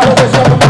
Bravo,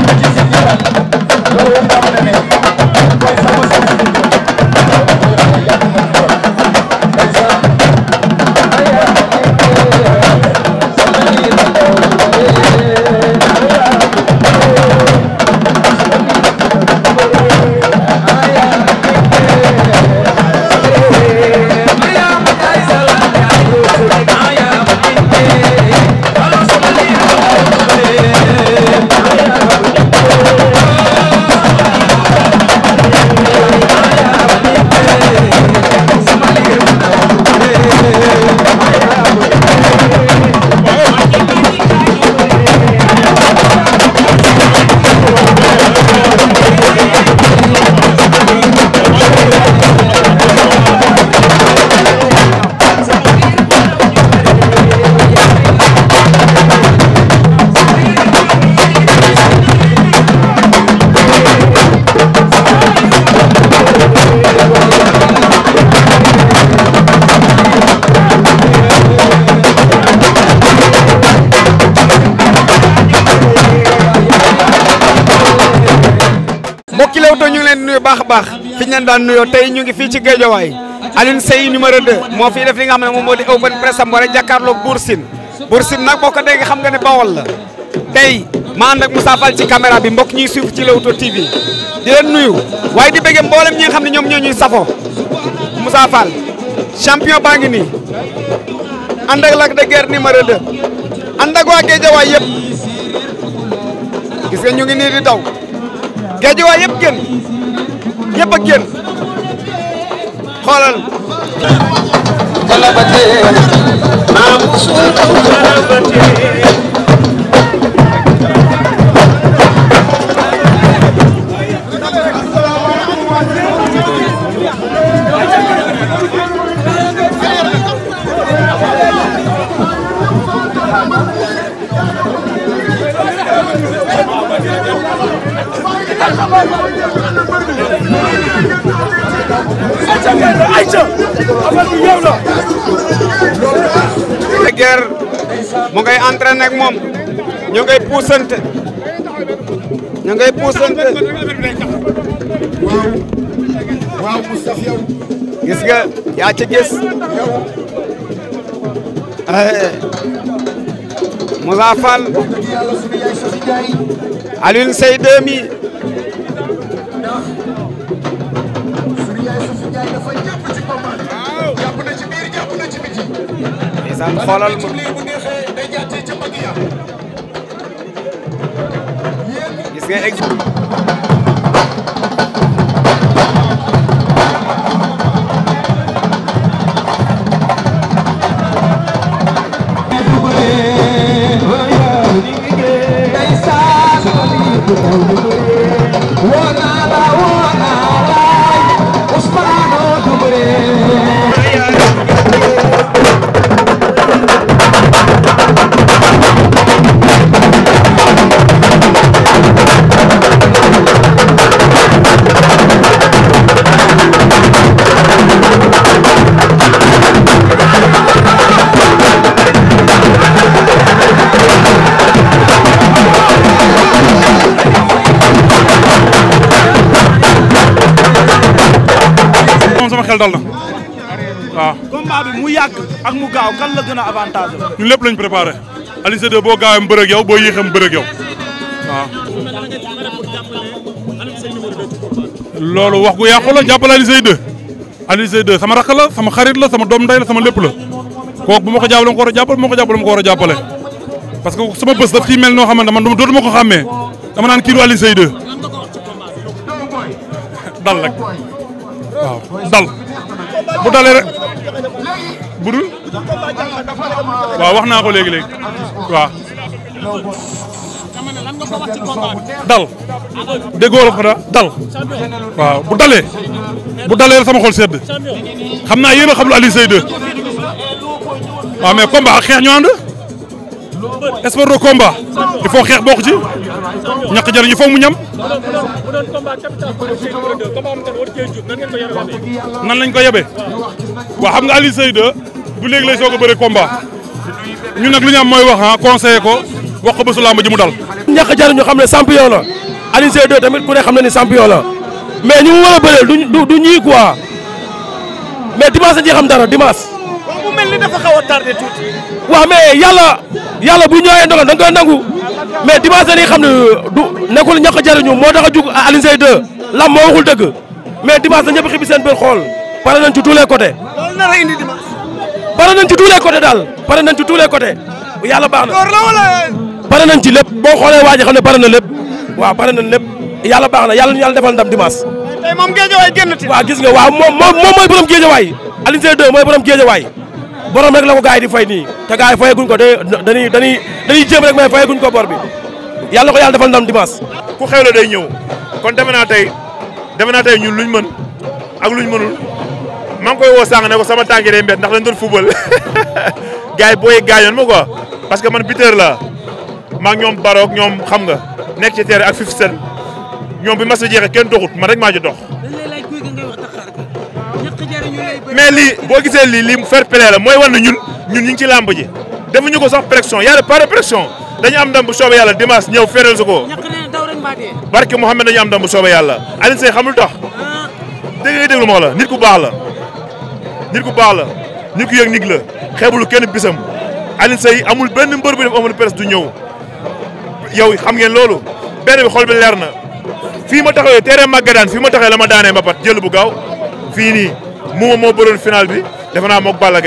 mbokki Leewtoo ñu leen di nuyu baax a baax fi ñu leen daan nuyoo tey ñu ngi fii ci Géejawaay Alioune Seye numéro 2 moo fi def li nga xam ne moom moo di open press am war a jàkkaarloog Bour Sine Bour nag boo ko déggee xam nga ne Bawol la tey ma ànd ak Moussa ci caméra bi mbokk ñuy suivre ci Leewtoo TV di leen nuyu waaye di bëggee mboolem ñi xam ne ñoom ñoo ñuy safoo Moussa Fall champion baa ngi nii ànd ak Lac de Guiers numéro 2 ànd ak waa Géejawaay yëpp gis nga ñu ngi nii di daw. Géejawaay yëpp génn yëpp a génn xoolal. de guerre mu ngay moom ñu ngay puusante ñu ngay puusante gis nga yaa ci gis eh. Moussa Fall Alioune Seye 2000 isaan xoolal ma gis nga Thank you. combat mu yàgg ak mu gaaw kan la gën a avantage ñun lépp lañ préparé Alioune Seye 2 boo gaawam bërëg yow boo yéexam bërëg yow waaw loolu wax gu yàqu la jàppale Alioune Seye 2 Alioune sama rakk la sama xarit la sama doom ndey la sama lépp la kooku bu ma ko jàppale ma ko war a jàppale bu ma ko jàppale ma ko war a jàppale parce que sama bés daf ciy mel noo xamante man dootuma ko xàmmee dama naan kii du Alioune Seye dal rek waaw dal bu dalee rek budul waaw wax naa ko léegi léegi waaw. dal déggoo la ko dal waaw bu dalee bu dalee sama xol sedd xam naa yéen a xamul Aliou Seye 2 waaw mais xeex ñu ànd sport de combat il faut xeex bokk ci ñàkk jariñ il faut mu ñam. mu doon combat capital pour Seydou nan ngeen ko yebee. nan lañ ko yebee. waaw xam nga Aliou Seydou bu léegi lay soog a bëre combat ñun nag li ñu am wax ah conseiller ko wax ko ba su lamb ji dal. ñàkk a jar ñu xam ne champion la Aliou Seydou tamit ku ne xam na ni champion la mais ñu mu war a du du ñii quoi mais dimanche dañuy xam dara dimanche. waaw mu mel ni dafa a tardé tuuti. waaw mais yàlla bu ñëwee ndogal da nangu. mais dimanche dañuy xam ne du nekkul ñàkk jariñu moo tax a jug Alioune Seye 2 lam moo waxul dëgg mais dimanche na ñëpp xibi seen biir xool pare nañ ci tous les côtés. loolu nar a indi dimanche. pare nañ ci tous les côtés daal pare na ci tous les côtés yàlla na. pare nañ ci lépp boo xoolee waa ji xam ne pare na lépp waaw pare nañ lépp yàlla baax na yàlla ñu yàlla defal ndam dimanche. tey moom géejawaay génn ci. waaw gis nga waaw moom moom mooy borom géejawaay Alioune Seye 2 mooy borom waay borom rek la ko gars yi di fay nii te gars yi fayaguñ ko day dañuy dañuy dañuy jéem rek mais fayaguñ ko bor bi yàlla ko yàlla defal ndam dimanche. ku xew la day ñëw kon defe naa tey defe naa tey ñun luñ mën ak luñ mënul maa ngi koy woo sànq ne ko sama tànk yi day ndax dañ doon football gars yi booy gaañoon ma quoi parce que man buteur la maa ngi ñoom baroog ñoom xam nga nekk ci terrain ak 57 ñoom bi mas a jeexee kenn doxut man rek maa ci dox. mais lii boo gisee lii lii fair play mooy wan ne ñun ñun ñu ngi ci làmb ji defuñu ko sax pression y a pas de pression dañu am ndam bu soobee yàlla dimanche ñëw feeral su ko. barke Mouhamed dañu am ndam bu soobee yàlla Alioune Seye xamul tax ah. dégg nga déglu moo la nit ku baax la nit ku baax la nit ku yëg nit la xeebulu kenn bisam Alioune say amul benn mbër bu dem amul presse du ñëw yow xam ngeen loolu benn bi xol bi leer na fii ma taxawee terrain Maguette daan ma taxawee la ma daanee mbapat jël bu gaaw fii nii. moom moo bëroon final bi defe naa moog Balla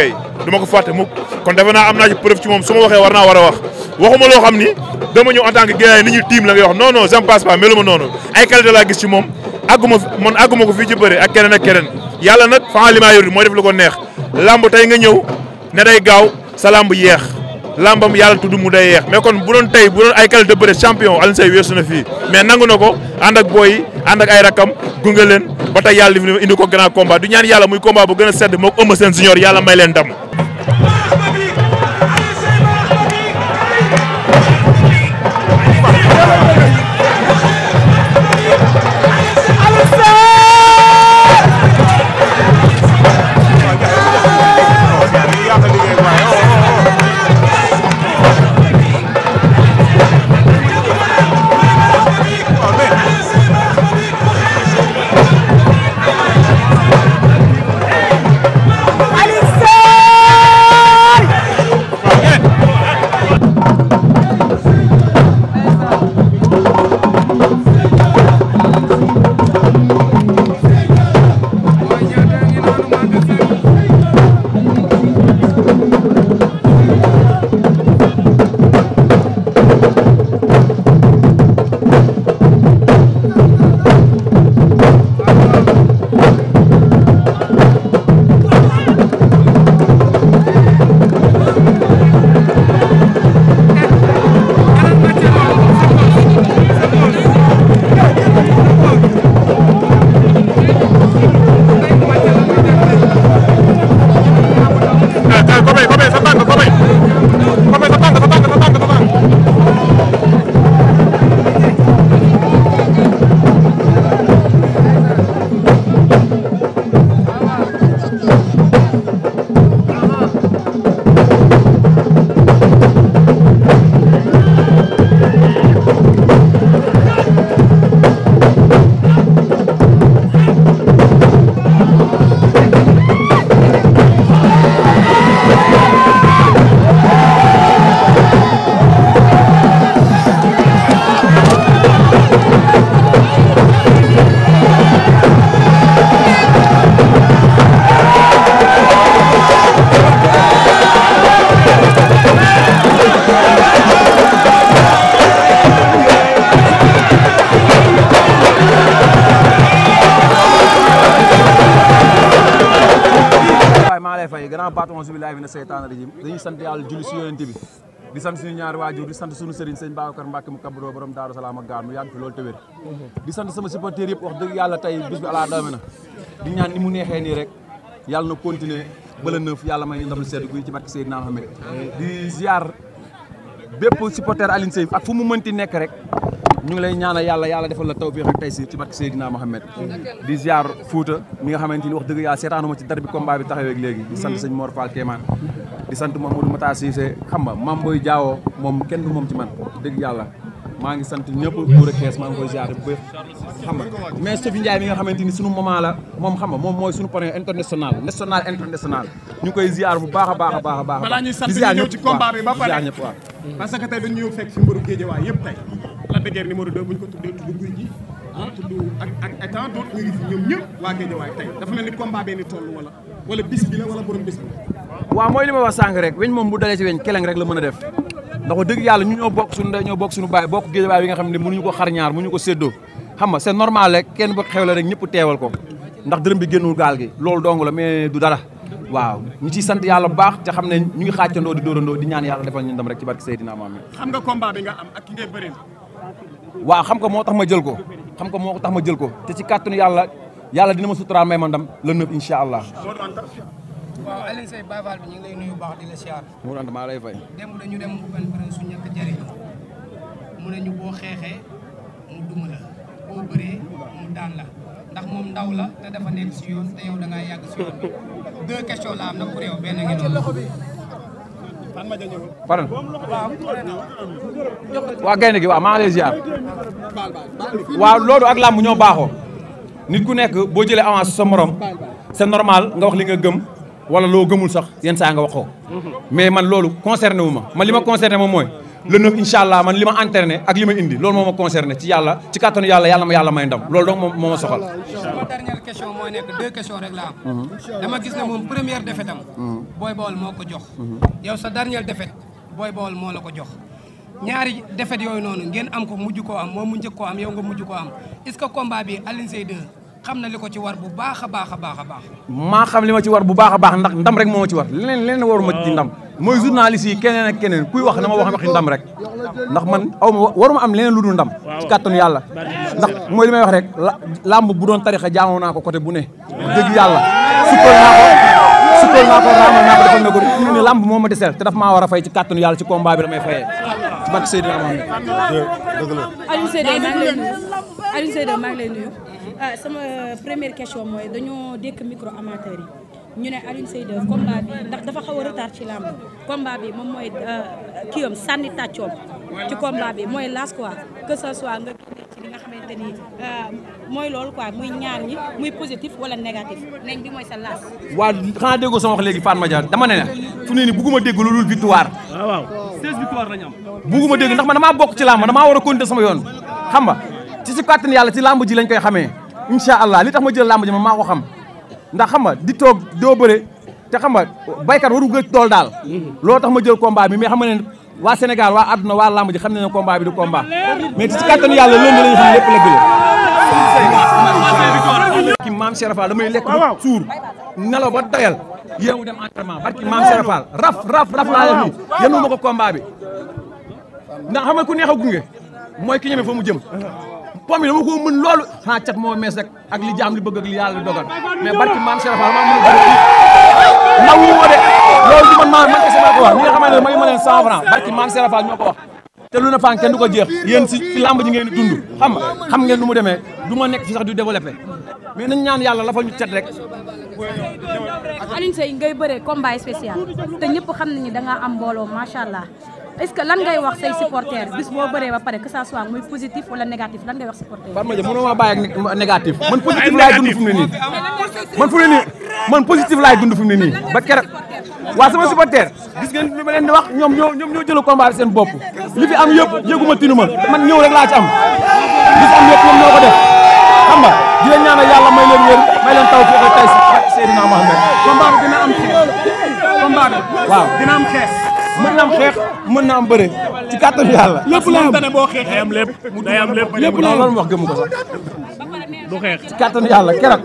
du ma ko fàtte mukk kon defe naa am naa ci preuve ci moom su ma waxee war naa war a wax waxuma loo xam ni dama ñëw en tant que ni ñu tiim la ngay wax non non j'en passe pas melu ma noonu ay qualité laa gis ci moom àgguma man àgguma ko fii ci bëri ak keneen ak keneen yàlla nag faa li maa yor mooy def lu ko neex lamb tey nga ñëw ne day gaaw sa lamb yeex lambam yàlla tudd mu day yeex mais kon bu doon tey bu doon ay qualité de bëre champion weesu na fii mais nangu na ko ànd ak booy yi ànd ak ay rakam gunge leen ba tey yàlla indi ko grand combat du ñaan yàlla muy combat bu gën a sedd moog Eumeu Sène junior yàlla may leen ndam gannaaw baatu auzu billaahi mina a rajiim dañuy sant yàlla julli si yonent bi di sant suñu ñaari waajur di sant suñu sëriñ sëñ Babacar Mbacke mu kabadoo borom daaru salaam ak gaar mu yàgg fi loolu te di sant sama supporteur yëpp wax dëgg yàlla tey bis bi alaa dame di ñaan ni mu neexee nii rek yàlla na continuer bala neuf yàlla may ñu ndam lu sedd guy ci barke Seydina Mohamed di ziar bépp supporteur Alioune ak fu mu mënti ñu ngi lay ñaanal yàlla yàlla defal la tawfiq ak taysir ci barke Seydina Mohamed di ziar Fouta mi nga xamante ni wax dëgg yàlla seetaanuma ci dara bi combat bi taxawee ak léegi di sant sëñ Mor Fall Kéemaan di sant Mamadou Mata Cissé nga Mam yàlla maa ngi sant ñëpp buur a kees maa ngi koy ziar bu xam nga mais Sophie Ndiaye mi nga xamante ni sunu moment la moom xam moom mooy sunu parrain international national international ñu koy ziar bu baax a baax a baax a baax balaa Lac de Guiers numéro 2 bu ñu ko tuddee tudd guy ji ah tudd ak ak ak tant d'autres ñu ngi fi ñoom ñëpp waa Guédiawaye tey dafa mel ni combat benn toll wala wala bis bi la wala borom bis bi waaw mooy li ma wax sànq rek weñ moom bu dalee si weñ keleng rek la mën a def ndax wax dëgg yàlla ñu ñoo bokk suñu ndey ñoo bokk suñu baay bokk Guédiawaye bi nga xam ne mënuñu ko xar ñaar mënuñu ko séddoo xam nga c'est normal rek kenn bu xewle rek ñëpp teewal ko ndax dërëm bi génnul gaal gi loolu dong la mais du dara waaw ñu ciy sant yàlla bu baax te ne ñu ngi xaacandoo di dóorandoo di ñaan yàlla defal ñu ndam rek ci barke waaw xam ko moo tax ma jël ko xam ko moo tax ma jël ko te ci kàttanu yàlla yàlla dina ma suturaal may ma dam la neuf incha allah. waaw Alioune Seye Baye Fall bi ñu lay nuyu baax di la siyaar. mu ne ñu boo xeexee mu duma la boo bëree mu daan la ndax moom ndaw la te dafa nekk si yoon te yow da yàgg si yoon bi deux questions la am na pour yow benn ngeen pardon waa gaynde gi waaw maa ngi lay ziar waaw loolu ak làmb ñoo baaxoo nit ku nekk boo jëlee avance sa morom c'est normal nga wax li nga gëm wala loo gëmul sax yenn saa nga wax ko mais man loolu concerné wu ma man li ma concerné moom mooy le neuf incha allah man li ma entraîné ak li ma indi loolu moo ma ci yàlla ci kàttanu yàlla yàlla ma yàlla may ndam loolu donc moo ma soxal question mooy nekk deux questions rek la am. Mhm. dama gis ne moom première défaite am. Mhm. Boy Baol moo ko jox. Mhm. yow sa dernière défaite Boy Baol moo la ko jox. ñaari défaite yooyu noonu ngeen am ko mujj ko am moom mu njëkk am yow nga mujj ko am est-ce que combat bi Alioune Seye 2 xam na li ko ci war bu baax a baax a baax a baax. maa xam li ma ci war bu baax a baax ndax ndam rek moo ma ci war leneen leneen ma ci ndam. mooy journaliste yi keneen ak keneen kuy wax na ma wax waxi ndam rek. ndax man aw war waruma am leneen lu dul ndam. ci kàttanu yàlla ndax mooy li may wax rek làmb bu doon tarixa jaamoo naa ko côté bu ne dëgg yàlla sukkal naa ko sukkal naa ko raamal naa ko defal na ko ñu ne làmb moo ma deseel te daf maa war a fay ci kàttanu yàlla ci combat bi la may fayee ci barke Seydina Mohamed Aliou Seydina maa ngi lay nuyu Aliou Seydina maa ngi lay nuyu ah, sama première question mooy dañoo dékk micro amateur yi ñu ne Alioune Seye 2 combat bi ndax dafa xaw a retard ci làmb combat bi moom mooy ah, kiyam sànni tàccoom ci combat bi mooy las quoi que ça soit nga xamante ni euh, mooy loolu quoi muy ñaar ñi muy positif wala négatif nañ bi mooy sa laas. waaw xanaa wax léegi Fatma Dia dama ne la fu ne nii bugguma dégg lu dul victoire. waaw waaw 16 victoire lañ am. bugguma dégg ndax man damaa bokk ci lamba damaa war a continuer sama yoon xam nga ci si kàttan yàlla ci làmb ji lañ koy xamee incha allah li tax ma jël làmb ji man maa xam ndax xam nga di toog doo bëre te xam nga baykat waru gëj tool daal. Mhm. loolu tax ma jël combat bi mais xam waa Sénégal waa àdduna waa làmb ji xam nañ ne combat bi du combat mais ci kattanu yàlla loolu la ñu xam lépp la gëlëm ki maam Serafal damay lekk ba suur nelaw ba doyal yeewu dem entraînement barki maam Serafal raf raf raf laa def nii yenu ma ko combat bi ndax xam ku neex a gunge mooy ki ñeme fa mu jëm pom yi dama ko mën loolu xanaa cat moo mees rek ak li jaam li bëgg ak li yàlla dogal mais barki maam Serafal maa mën a ndaw de loolu ci man maa man kese maa ko wax ñi nga ne mayu ma leen cent franc barki maam Serap ñoo ko wax te lu na faan kenn du ko jeex yéen si si làmb ji ngeen di dund xam nga xam ngeen nu mu demee du ma nekk si sax du développé mais nañ ñaan yàlla la fa ñu cet rek se Seye ngay bëree combat spécial te ñëpp xam na da nga am mbooloo macha allah est-ce que lan ngay wax say supporters bis boo bëree ba pare que ça muy positif wala négatif lan ngay wax supporters. Fatma Dia négatif man positif laay dund fu mu ne nii man fu ne nii man positif laay dund ne nii ba keroog waa sama supporter gis ngeen li leen di wax ñoom ñoo ñoom ñoo jël combat seen bopp li fi am yëpp yëguma tinuma man ñëw rek laa ci am gis am yëpp ñoom ñoo ko def xam di leen ñaanal yàlla may leen wér may leen taw fii ak tay si Seydina Mohamed combat bi dina am xeex combat bi waaw am xeex mën na am xeex mën na am bëre ci kàttan yàlla. lépp la am day am lépp day am lépp lépp la am loolu wax gëmu ko sax. du xeex ci kàttan yàlla keroog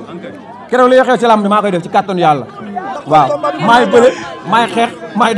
keroog li nga xeex ci làmb maa koy def ci kàttan yàlla waaw maay bëre maay xeex maay